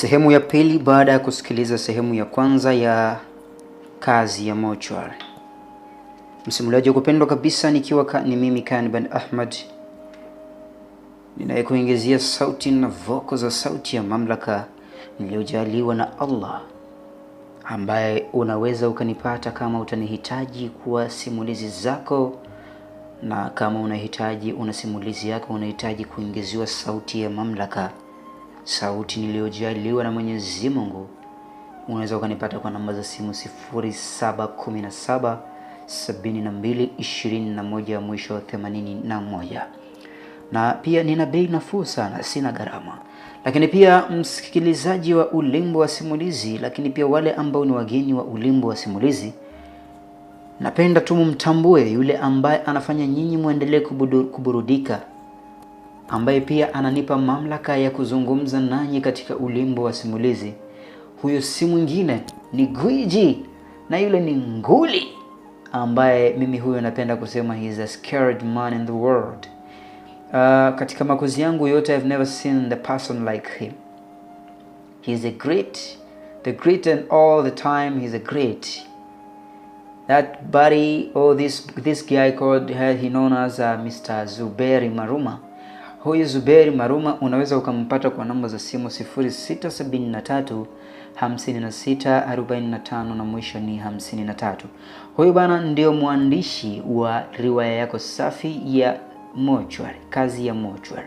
sehemu ya pili baada ya kusikiliza sehemu ya kwanza ya kazi ya mochwari. Msimuliaji wa kupendwa kabisa nikiwa ka, ni mimi Kanban Ahmad ninayekuingizia sauti na voko za sauti ya mamlaka niliyojaliwa na Allah, ambaye unaweza ukanipata kama utanihitaji kuwa simulizi zako na kama unahitaji una simulizi yako unahitaji kuingiziwa sauti ya mamlaka sauti niliyojaliwa na Mwenyezi Mungu. Unaweza ukanipata kwa namba za simu 0717 72 mwisho wa 81, na pia nina bei nafuu sana, sina gharama. Lakini pia msikilizaji wa Ulimbo wa Simulizi, lakini pia wale ambao ni wageni wa Ulimbo wa Simulizi, napenda tu mumtambue yule ambaye anafanya nyinyi muendelee kuburudika ambaye pia ananipa mamlaka ya kuzungumza nanyi katika ulimbo wa simulizi. Huyo si mwingine ni gwiji, na yule ni nguli ambaye mimi huyo napenda kusema he is a scared man in the world. Uh, katika makuzi yangu yote I've never seen the person like him. He is a great, the great and all the time he is a great. That buddy oh, this, this guy called, he known as uh, Mr. Zuberi Maruma Huyu Zuberi Maruma unaweza ukampata kwa namba za simu 0673 56 na mwisho ni 53. Huyu bana ndio mwandishi wa riwaya yako safi ya Mochwari, kazi ya Mochwari,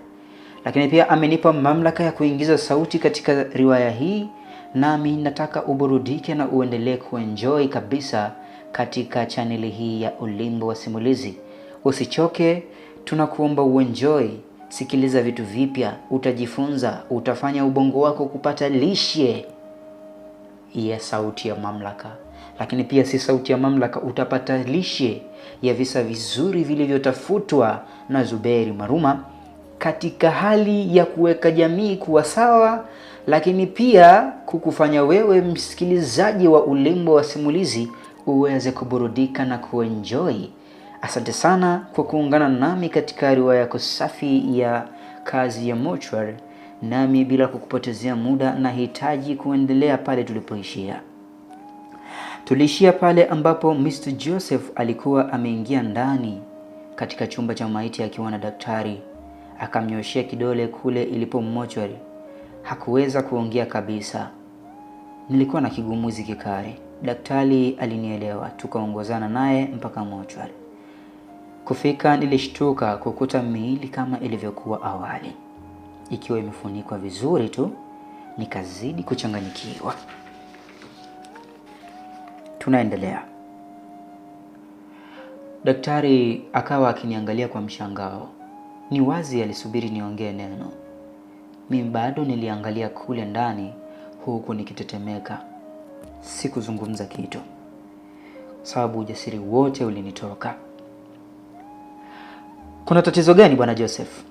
lakini pia amenipa mamlaka ya kuingiza sauti katika riwaya hii, nami nataka uburudike na uendelee kuenjoy kabisa katika chaneli hii ya Ulimbo wa Simulizi. Usichoke, tunakuomba uenjoy Sikiliza vitu vipya, utajifunza, utafanya ubongo wako kupata lishe ya sauti ya mamlaka. Lakini pia si sauti ya mamlaka, utapata lishe ya visa vizuri vilivyotafutwa na Zuberi Maruma katika hali ya kuweka jamii kuwa sawa, lakini pia kukufanya wewe msikilizaji wa Ulimbo wa Simulizi uweze kuburudika na kuenjoy Asante sana kwa kuungana nami katika riwaya yako safi ya kazi ya mochwari, nami bila kukupotezea muda nahitaji kuendelea pale tulipoishia. Tuliishia pale ambapo Mr. Joseph alikuwa ameingia ndani katika chumba cha maiti akiwa na daktari, akamnyoshea kidole kule ilipo mochwari. Hakuweza kuongea kabisa, nilikuwa na kigumuzi kikali. Daktari alinielewa, tukaongozana naye mpaka mochwari. Kufika nilishtuka kukuta miili kama ilivyokuwa awali, ikiwa imefunikwa vizuri tu. Nikazidi kuchanganyikiwa. Tunaendelea. Daktari akawa akiniangalia kwa mshangao. Ni wazi alisubiri niongee neno. Mimi bado niliangalia kule ndani huku nikitetemeka. Sikuzungumza kitu, sababu ujasiri wote ulinitoka. Kuna tatizo gani bwana Joseph?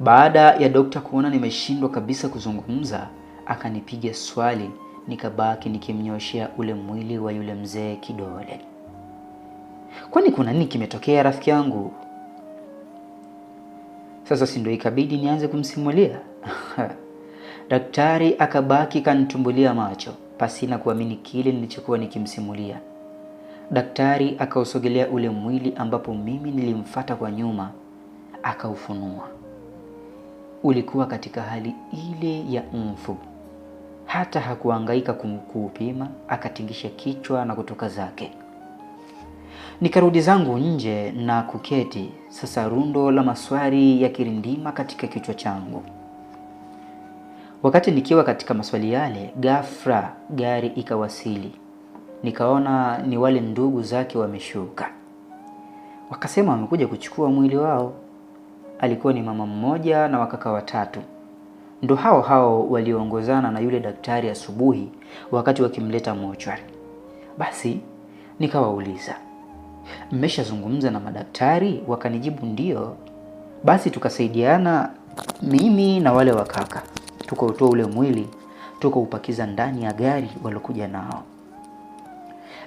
Baada ya dokta kuona nimeshindwa kabisa kuzungumza, akanipiga swali, nikabaki nikimnyoshea ule mwili wa yule mzee kidole. Kwani kuna nini kimetokea rafiki yangu? Sasa si ndio ikabidi nianze kumsimulia? Daktari akabaki kanitumbulia macho pasina kuamini kile nilichokuwa nikimsimulia. Daktari akausogelea ule mwili ambapo mimi nilimfata kwa nyuma, akaufunua. Ulikuwa katika hali ile ya mfu. Hata hakuangaika kumkuupima, akatingisha kichwa na kutoka zake. Nikarudi zangu nje na kuketi, sasa rundo la maswali kirindima katika kichwa changu. Wakati nikiwa katika maswali yale, ghafla gari ikawasili nikaona ni wale ndugu zake wameshuka, wakasema wamekuja kuchukua mwili wao. Alikuwa ni mama mmoja na wakaka watatu, ndo hao hao walioongozana na yule daktari asubuhi wakati wakimleta mochwari. Basi nikawauliza, mmeshazungumza na madaktari? Wakanijibu ndio. Basi tukasaidiana mimi na wale wakaka, tukautoa ule mwili tukaupakiza ndani ya gari walokuja nao.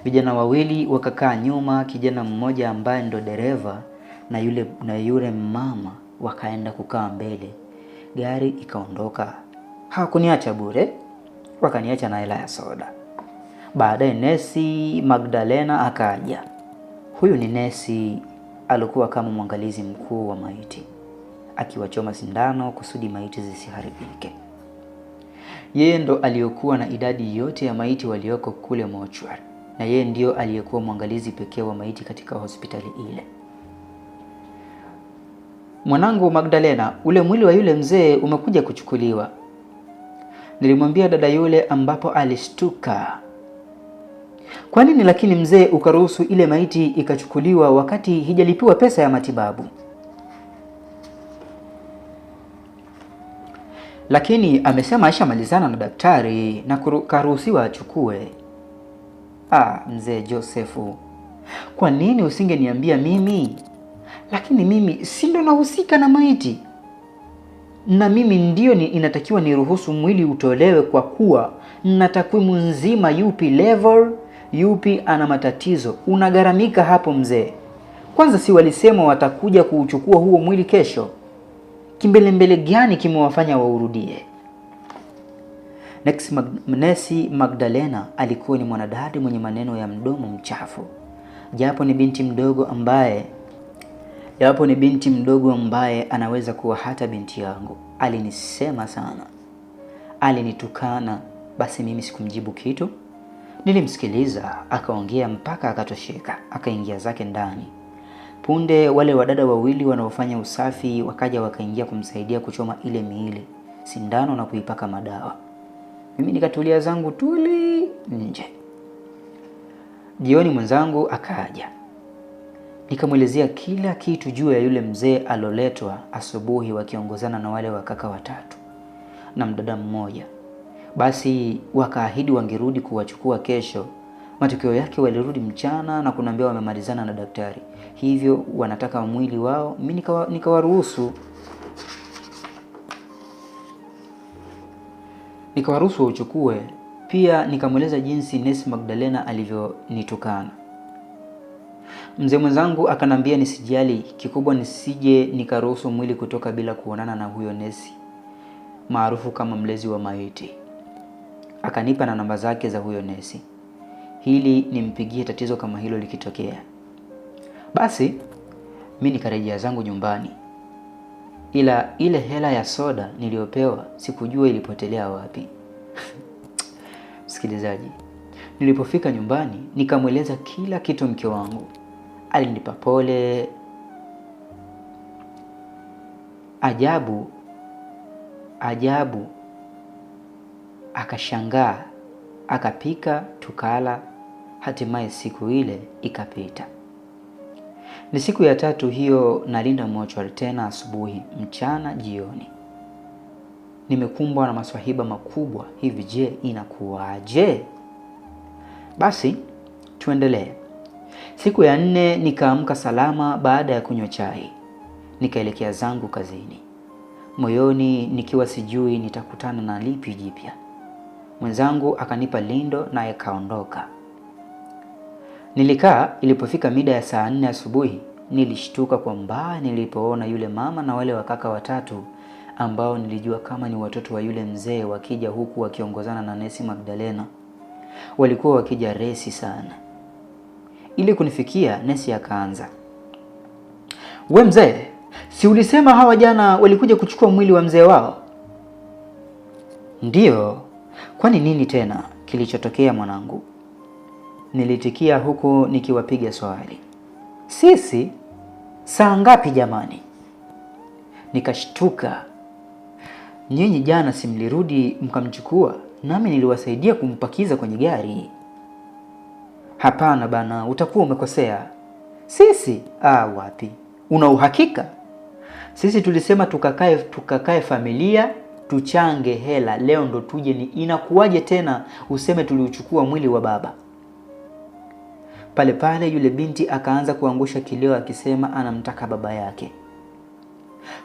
Vijana wawili wakakaa nyuma, kijana mmoja ambaye ndo dereva na yule, na yule mama wakaenda kukaa mbele. Gari ikaondoka, hawakuniacha bure, wakaniacha na hela ya soda. Baadaye nesi Magdalena akaja. Huyu ni nesi, alikuwa kama mwangalizi mkuu wa maiti, akiwachoma sindano kusudi maiti zisiharibike. Yeye ndo aliyokuwa na idadi yote ya maiti walioko kule mochwari na yeye ndio aliyekuwa mwangalizi pekee wa maiti katika hospitali ile. Mwanangu Magdalena, ule mwili wa yule mzee umekuja kuchukuliwa, nilimwambia dada yule, ambapo alishtuka. Kwa nini lakini mzee ukaruhusu ile maiti ikachukuliwa wakati hijalipiwa pesa ya matibabu? Lakini amesema aishamalizana na daktari na karuhusiwa achukue. Ah, mzee Josefu, kwa nini usingeniambia mimi? Lakini mimi si ndo nahusika na maiti, na mimi ndio ni inatakiwa niruhusu mwili utolewe, kwa kuwa na takwimu nzima, yupi level, yupi ana matatizo. Unagharamika hapo mzee. Kwanza si walisema watakuja kuuchukua huo mwili kesho? Kimbelembele gani kimewafanya waurudie? Nesi Magdalena alikuwa ni mwanadada mwenye maneno ya mdomo mchafu, japo ni binti mdogo ambaye japo ni binti mdogo ambaye anaweza kuwa hata binti yangu. Alinisema sana, alinitukana. Basi mimi sikumjibu kitu, nilimsikiliza. Akaongea mpaka akatosheka, akaingia zake ndani. Punde wale wadada wawili wanaofanya usafi wakaja wakaingia kumsaidia kuchoma ile miili sindano na kuipaka madawa. Mimi nikatulia zangu tuli nje. Jioni mwenzangu akaja, nikamwelezea kila kitu juu ya yule mzee aloletwa asubuhi, wakiongozana na wale wakaka watatu na mdada mmoja. Basi wakaahidi wangerudi kuwachukua kesho. Matokeo yake walirudi mchana na kunaambia wamemalizana na daktari, hivyo wanataka mwili wao. mi nikawaruhusu nikawaruhusu wauchukue. Pia nikamweleza jinsi Nesi Magdalena alivyonitukana. Mzee mwenzangu akanambia nisijali, kikubwa nisije nikaruhusu mwili kutoka bila kuonana na huyo Nesi maarufu kama mlezi wa maiti. Akanipa na namba zake za huyo Nesi ili nimpigie tatizo kama hilo likitokea. Basi mi nikarejea zangu nyumbani ila ile hela ya soda niliyopewa sikujua ilipotelea wapi. Msikilizaji, nilipofika nyumbani nikamweleza kila kitu mke wangu. Alinipa pole. Ajabu ajabu, akashangaa, akapika, tukala. Hatimaye siku ile ikapita. Ni siku ya tatu hiyo nalinda mochwari tena, asubuhi, mchana, jioni. Nimekumbwa na maswahiba makubwa hivi. Je, inakuwaje? Basi tuendelee. Siku ya nne nikaamka salama baada ya kunywa chai, nikaelekea zangu kazini, moyoni nikiwa sijui nitakutana na lipi jipya. Mwenzangu akanipa lindo, naye kaondoka. Nilikaa. Ilipofika mida ya saa nne asubuhi, nilishtuka kwa mbaa nilipoona yule mama na wale wakaka watatu ambao nilijua kama ni watoto wa yule mzee wakija huku wakiongozana na nesi Magdalena. Walikuwa wakija resi sana. Ili kunifikia, nesi akaanza, we mzee, si ulisema hawa jana walikuja kuchukua mwili wa mzee wao? Ndiyo. Kwani nini tena kilichotokea mwanangu? Nilitikia huku nikiwapiga swali, sisi saa ngapi jamani? Nikashtuka, nyinyi jana simlirudi mkamchukua, nami niliwasaidia kumpakiza kwenye gari. Hapana bana, utakuwa umekosea. Sisi ah, wapi, una uhakika? Sisi tulisema tukakae, tukakae familia tuchange hela, leo ndo tuje. Ni inakuwaje tena useme tuliuchukua mwili wa baba? Pale pale yule binti akaanza kuangusha kilio akisema anamtaka baba yake.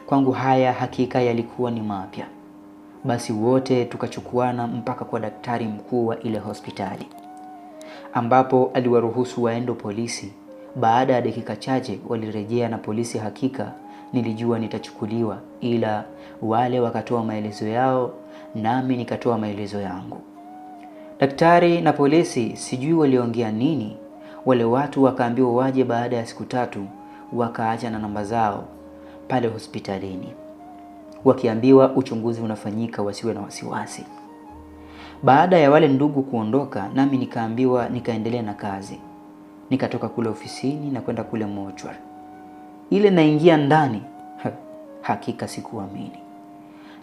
Kwangu haya hakika yalikuwa ni mapya. Basi wote tukachukuana mpaka kwa daktari mkuu wa ile hospitali, ambapo aliwaruhusu waendo polisi. Baada ya dakika chache walirejea na polisi. Hakika nilijua nitachukuliwa, ila wale wakatoa maelezo yao nami nikatoa maelezo yangu. Daktari na polisi sijui waliongea nini, wale watu wakaambiwa waje baada ya siku tatu, wakaacha na namba zao pale hospitalini, wakiambiwa uchunguzi unafanyika, wasiwe na wasiwasi. Baada ya wale ndugu kuondoka, nami nikaambiwa nikaendelea na kazi. Nikatoka kule ofisini na kwenda kule mochwari. Ile naingia ndani ha, hakika sikuamini.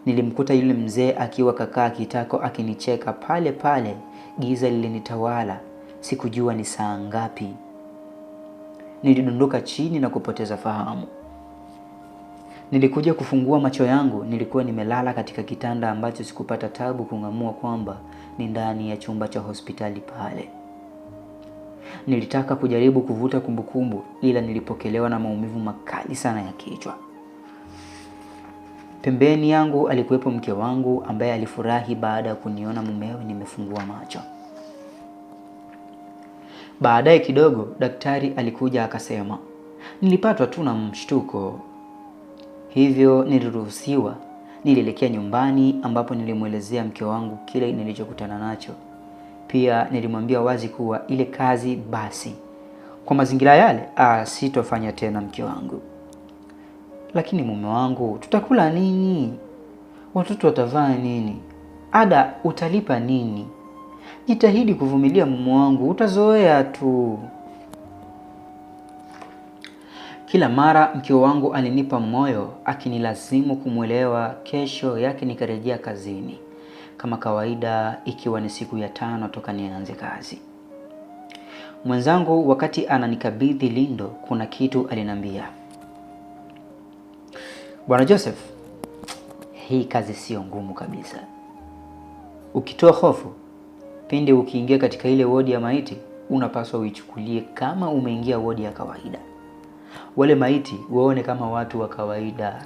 Nilimkuta yule mzee akiwa kakaa kitako akinicheka pale pale, giza lilinitawala Sikujua ni saa ngapi. Nilidondoka chini na kupoteza fahamu. Nilikuja kufungua macho yangu, nilikuwa nimelala katika kitanda ambacho sikupata tabu kung'amua kwamba ni ndani ya chumba cha hospitali pale. Nilitaka kujaribu kuvuta kumbukumbu, ila nilipokelewa na maumivu makali sana ya kichwa. Pembeni yangu alikuwepo mke wangu ambaye alifurahi baada ya kuniona mumewe nimefungua macho. Baadaye kidogo daktari alikuja akasema, nilipatwa tu na mshtuko, hivyo niliruhusiwa. Nilielekea nyumbani ambapo nilimwelezea mke wangu kile nilichokutana nacho. Pia nilimwambia wazi kuwa ile kazi basi, kwa mazingira yale sitofanya tena, mke wangu. Lakini mume wangu, tutakula nini? Watoto watavaa nini? Ada utalipa nini? Jitahidi kuvumilia mume wangu, utazoea tu. Kila mara mke wangu alinipa moyo, akinilazimu kumwelewa. Kesho yake nikarejea kazini kama kawaida, ikiwa ni siku ya tano toka nianze kazi. Mwenzangu wakati ananikabidhi lindo, kuna kitu aliniambia, Bwana Joseph, hii kazi sio ngumu kabisa, ukitoa hofu pindi ukiingia katika ile wodi ya maiti unapaswa uichukulie kama umeingia wodi ya kawaida. Wale maiti waone kama watu wa kawaida.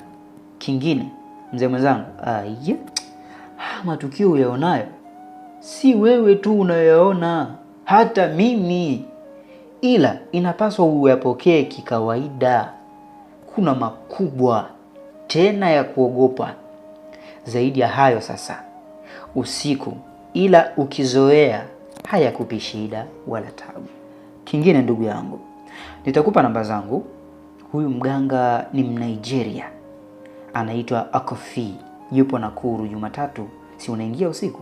Kingine mzee mwenzangu, ah, ah, matukio uyaonayo si wewe tu unayoyaona, hata mimi, ila inapaswa uyapokee kikawaida. Kuna makubwa tena ya kuogopa. Zaidi ya hayo, sasa usiku ila ukizoea hayakupi shida wala tabu. Kingine ndugu yangu, nitakupa namba zangu. Huyu mganga ni Mnigeria, anaitwa Akofi, yupo Nakuru. Jumatatu si unaingia usiku?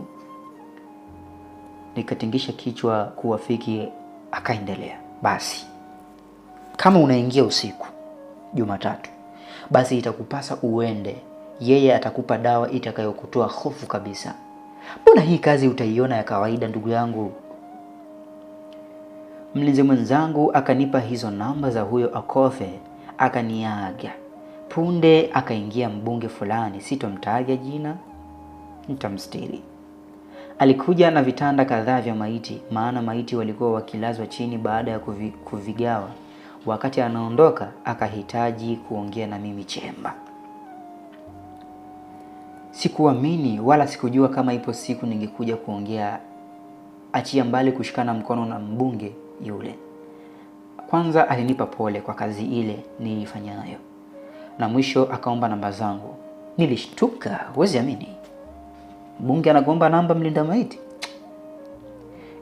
Nikatingisha kichwa kuwafiki, akaendelea basi, kama unaingia usiku Jumatatu, basi itakupasa uende, yeye atakupa dawa itakayokutoa hofu kabisa. Mbona hii kazi utaiona ya kawaida, ndugu yangu? Mlinzi mwenzangu akanipa hizo namba za huyo Akothe, akaniaga. Punde akaingia mbunge fulani, sitomtaja jina, nitamstiri. Alikuja na vitanda kadhaa vya maiti, maana maiti walikuwa wakilazwa chini baada ya kuvi, kuvigawa. Wakati anaondoka akahitaji kuongea na mimi chemba. Sikuamini wala sikujua kama ipo siku ningekuja kuongea, achia mbali kushikana mkono na mbunge yule. Kwanza alinipa pole kwa kazi ile niliifanyayo, na mwisho akaomba namba zangu. Nilishtuka, huwezi amini, mbunge anakuomba namba mlinda maiti.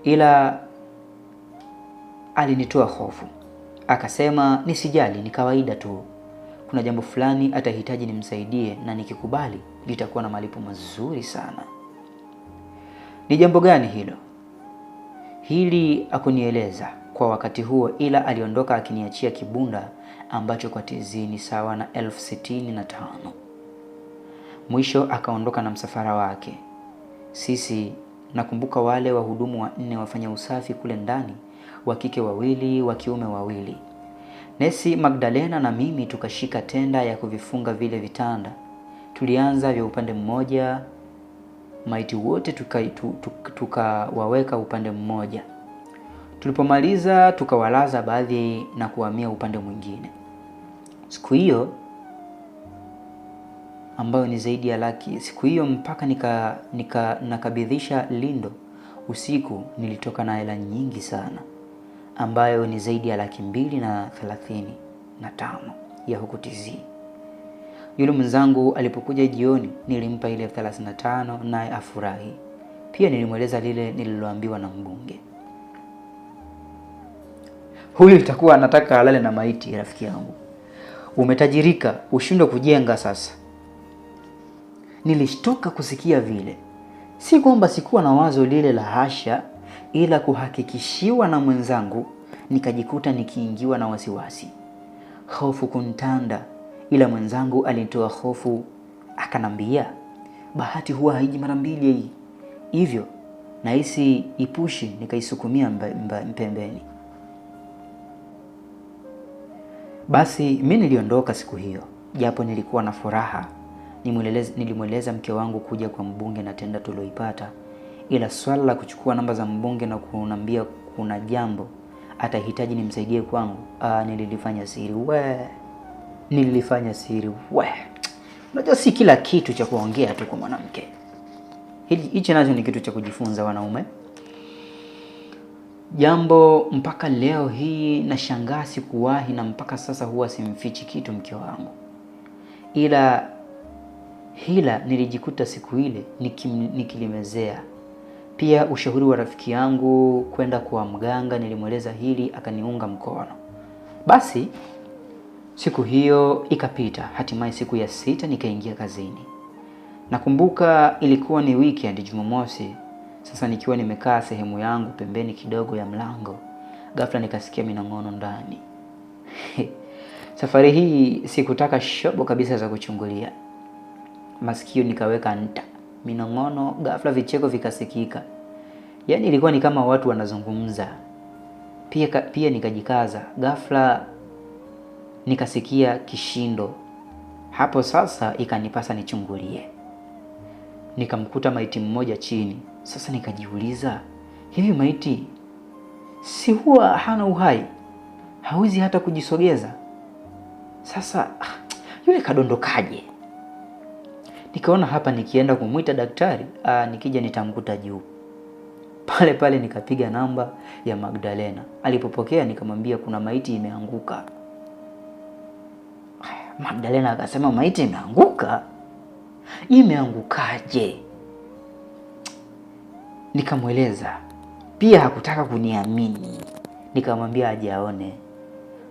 Ila alinitoa hofu, akasema nisijali, ni kawaida tu, kuna jambo fulani atahitaji nimsaidie, na nikikubali litakuwa na malipo mazuri sana. Ni jambo gani hilo? Hili akunieleza kwa wakati huo, ila aliondoka akiniachia kibunda ambacho kwa tizi ni sawa na elfu sitini na tano. Mwisho akaondoka na msafara wake. Sisi nakumbuka wale wahudumu wanne wafanya usafi kule ndani, wa kike wawili, wa kiume wawili Nesi Magdalena na mimi tukashika tenda ya kuvifunga vile vitanda. Tulianza vya upande mmoja, maiti wote tukawaweka tuka upande mmoja. Tulipomaliza tukawalaza baadhi na kuhamia upande mwingine. Siku hiyo ambayo ni zaidi ya laki, siku hiyo mpaka nika, nika nakabidhisha lindo usiku, nilitoka na hela nyingi sana ambayo ni zaidi ya laki mbili na thelathini na tano ya huku TZ. Yule mwenzangu alipokuja jioni, nilimpa ile elfu thelathini na tano naye afurahi pia. Nilimweleza lile nililoambiwa na mbunge huyu. Itakuwa anataka alale na maiti. Rafiki yangu, umetajirika ushindwe kujenga sasa. Nilishtuka kusikia vile, si kwamba sikuwa na wazo lile la hasha ila kuhakikishiwa na mwenzangu nikajikuta nikiingiwa na wasiwasi. Hofu kuntanda, ila mwenzangu alitoa hofu akanambia, bahati huwa haiji mara mbili hii. Hivyo nahisi ipushi, nikaisukumia mpembeni. Basi mi niliondoka siku hiyo, japo nilikuwa na furaha. Nilimweleza mke wangu kuja kwa mbunge na tenda tulioipata ila swala la kuchukua namba za mbunge na kunambia kuna jambo atahitaji nimsaidie kwangu, ah, nililifanya siri we, nililifanya siri we. Unajua si kila kitu cha kuongea tu kwa mwanamke. Hichi nacho ni kitu cha kujifunza wanaume. Jambo mpaka leo hii nashangaa sikuwahi, na mpaka sasa huwa simfichi kitu mke wangu, ila hila nilijikuta siku ile nikilimezea pia ushauri wa rafiki yangu kwenda kwa mganga, nilimweleza hili akaniunga mkono. Basi siku hiyo ikapita, hatimaye siku ya sita nikaingia kazini. Nakumbuka ilikuwa ni weekend, Jumamosi. Sasa nikiwa nimekaa sehemu yangu pembeni kidogo ya mlango, ghafla nikasikia minong'ono ndani. Safari hii sikutaka shobo kabisa za kuchungulia, masikio nikaweka nta minong'ono, ghafla vicheko vikasikika. Yaani ilikuwa ni kama watu wanazungumza. Pia, pia nikajikaza, ghafla nikasikia kishindo. Hapo sasa ikanipasa nichungulie, nikamkuta maiti mmoja chini. Sasa nikajiuliza, hivi maiti si huwa hana uhai, hawezi hata kujisogeza? Sasa ah, yule kadondokaje? Nikaona hapa nikienda kumwita daktari aa, ah, nikija nitamkuta juu. Pale pale nikapiga namba ya Magdalena. Alipopokea nikamwambia kuna maiti imeanguka. Magdalena akasema maiti imeanguka? Imeangukaje? Nikamweleza. Pia hakutaka kuniamini. Nikamwambia aje aone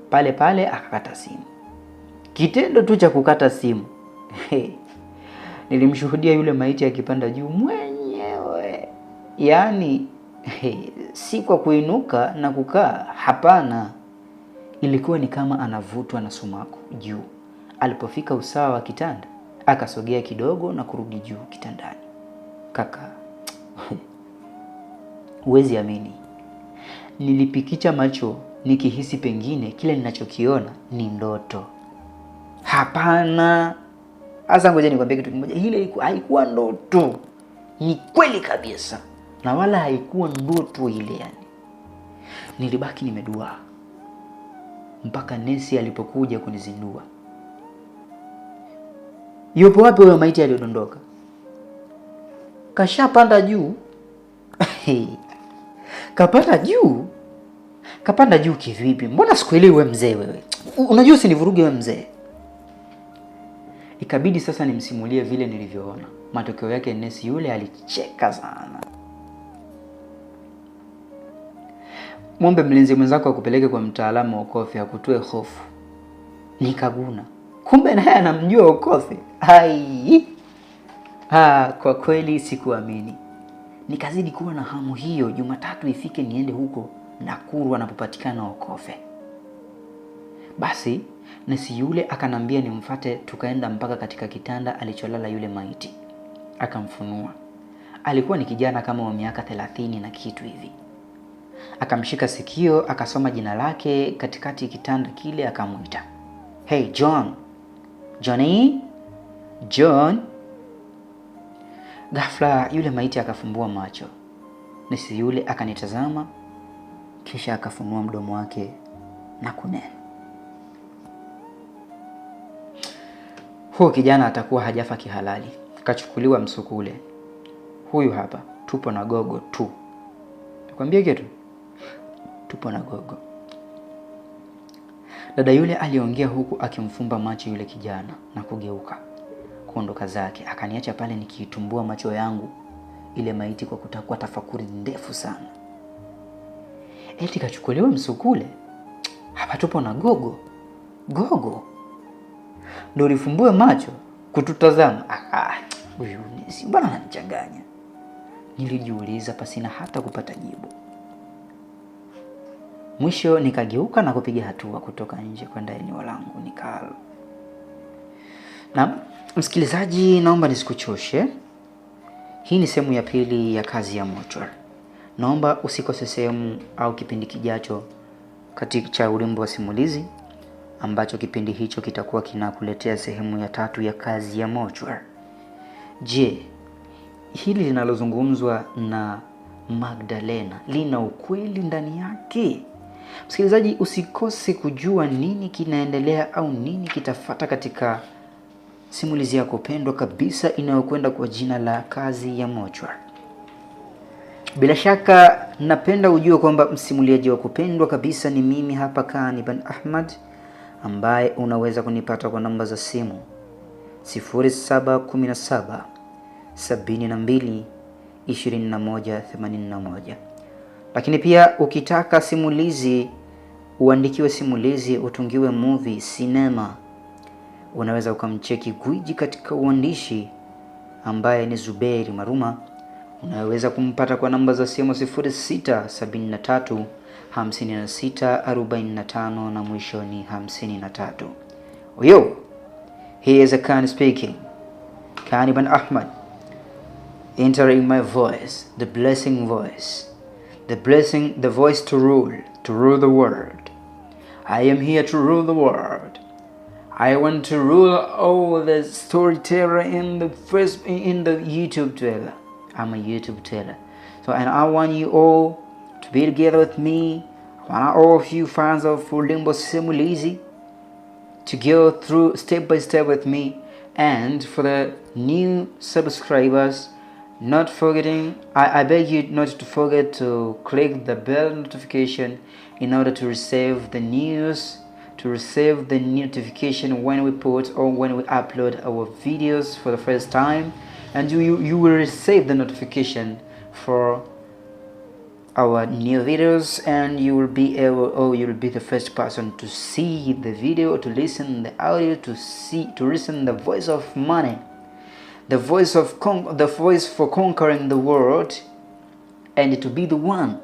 Pale pale akakata simu. Kitendo tu cha kukata simu Nilimshuhudia yule maiti akipanda juu mwenyewe, yaani si kwa kuinuka na kukaa, hapana. Ilikuwa ni kama anavutwa na sumaku juu. Alipofika usawa wa kitanda, akasogea kidogo na kurudi juu kitandani. Kaka, huwezi amini, nilipikicha macho nikihisi pengine kile ninachokiona ni ndoto. Hapana. Sasa ngoja nikwambie kitu kimoja, ile haikuwa ndoto, ni kweli kabisa, na wala haikuwa ndoto ile. Yani nilibaki nimeduaa mpaka nesi alipokuja kunizindua. Yupo wapi huyo maiti aliyodondoka? Kashapanda juu kapanda juu, kapanda juu kivipi? Mbona sikuelewi we mzee. Wewe unajua usinivuruge we mzee. Ikabidi sasa nimsimulie vile nilivyoona. Matokeo yake nesi yule alicheka sana. Mwombe mlinzi mwenzako akupeleke kwa mtaalamu wa ukofi akutoe hofu. Nikaguna, kumbe naye anamjua ukofi. Ai ha, kwa kweli sikuamini. Nikazidi kuwa na hamu hiyo, Jumatatu ifike niende huko Nakuru anapopatikana Okofe. Basi Nesi yule akanambia nimfate, tukaenda mpaka katika kitanda alicholala yule maiti, akamfunua. Alikuwa ni kijana kama wa miaka thelathini na kitu hivi. Akamshika sikio, akasoma jina lake katikati kitanda kile, akamwita hey, John, Johnny, John. Ghafla yule maiti akafumbua macho. Nesi yule akanitazama, kisha akafunua mdomo wake na kunena huyo kijana atakuwa hajafa kihalali, kachukuliwa msukule. Huyu hapa tupo na gogo tu. Nikwambie kitu, tupo na gogo. Dada yule aliongea huku akimfumba macho yule kijana na kugeuka kuondoka zake, akaniacha pale nikiitumbua macho yangu ile maiti kwa kutakua tafakuri ndefu sana. Eti kachukuliwa msukule? Hapa tupo na gogo gogo ndo lifumbue macho kututazama. Huyu si bwana ananichanganya, nilijiuliza pasina hata kupata jibu. Mwisho nikageuka na kupiga hatua kutoka nje kwenda eneo langu nikalo. Na msikilizaji, naomba nisikuchoshe. Hii ni sehemu ya pili ya kazi ya mochwari. Naomba usikose sehemu au kipindi kijacho katika cha Ulimbo wa Simulizi ambacho kipindi hicho kitakuwa kinakuletea sehemu ya tatu ya kazi ya mochwar. Je, hili linalozungumzwa na Magdalena lina ukweli ndani yake? Msikilizaji, usikose kujua nini kinaendelea au nini kitafata katika simulizi yako pendwa kabisa inayokwenda kwa jina la kazi ya mochwar. Bila shaka napenda ujue kwamba msimuliaji wa kupendwa kabisa ni mimi hapa Kaniban Ahmad ambaye unaweza kunipata kwa namba za simu 0717 72 21 Lakini pia ukitaka simulizi, uandikiwe simulizi, utungiwe movie sinema, unaweza ukamcheki gwiji katika uandishi ambaye ni Zuberi Maruma. Unaweza kumpata kwa namba za simu 0673 56, 45 na mwisho ni 53. Huyo he is a Khan speaking. Khan ibn Ahmad entering my voice, the blessing voice, the blessing, the voice to rule, to rule the world. I am here to rule the world. I want to rule all the storyteller in the first in the YouTube trailer. I'm a YouTube trailer. So and I want you all to be together with me are all of you fans of Limbo Simulizi to go through step by step with me and for the new subscribers not forgetting I, I beg you not to forget to click the bell notification in order to receive the news to receive the notification when we put or when we upload our videos for the first time and you, you will receive the notification for our new videos and you will be able oh you will be the first person to see the video to listen the audio to see to listen the voice of money the voice of con- the voice for conquering the world and to be the one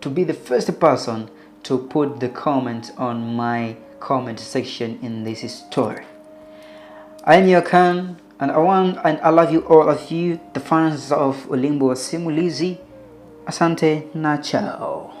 to be the first person to put the comment on my comment section in this story i am your khan and i want and i love you all of you the fans of olimbo simulizi Asante na chao.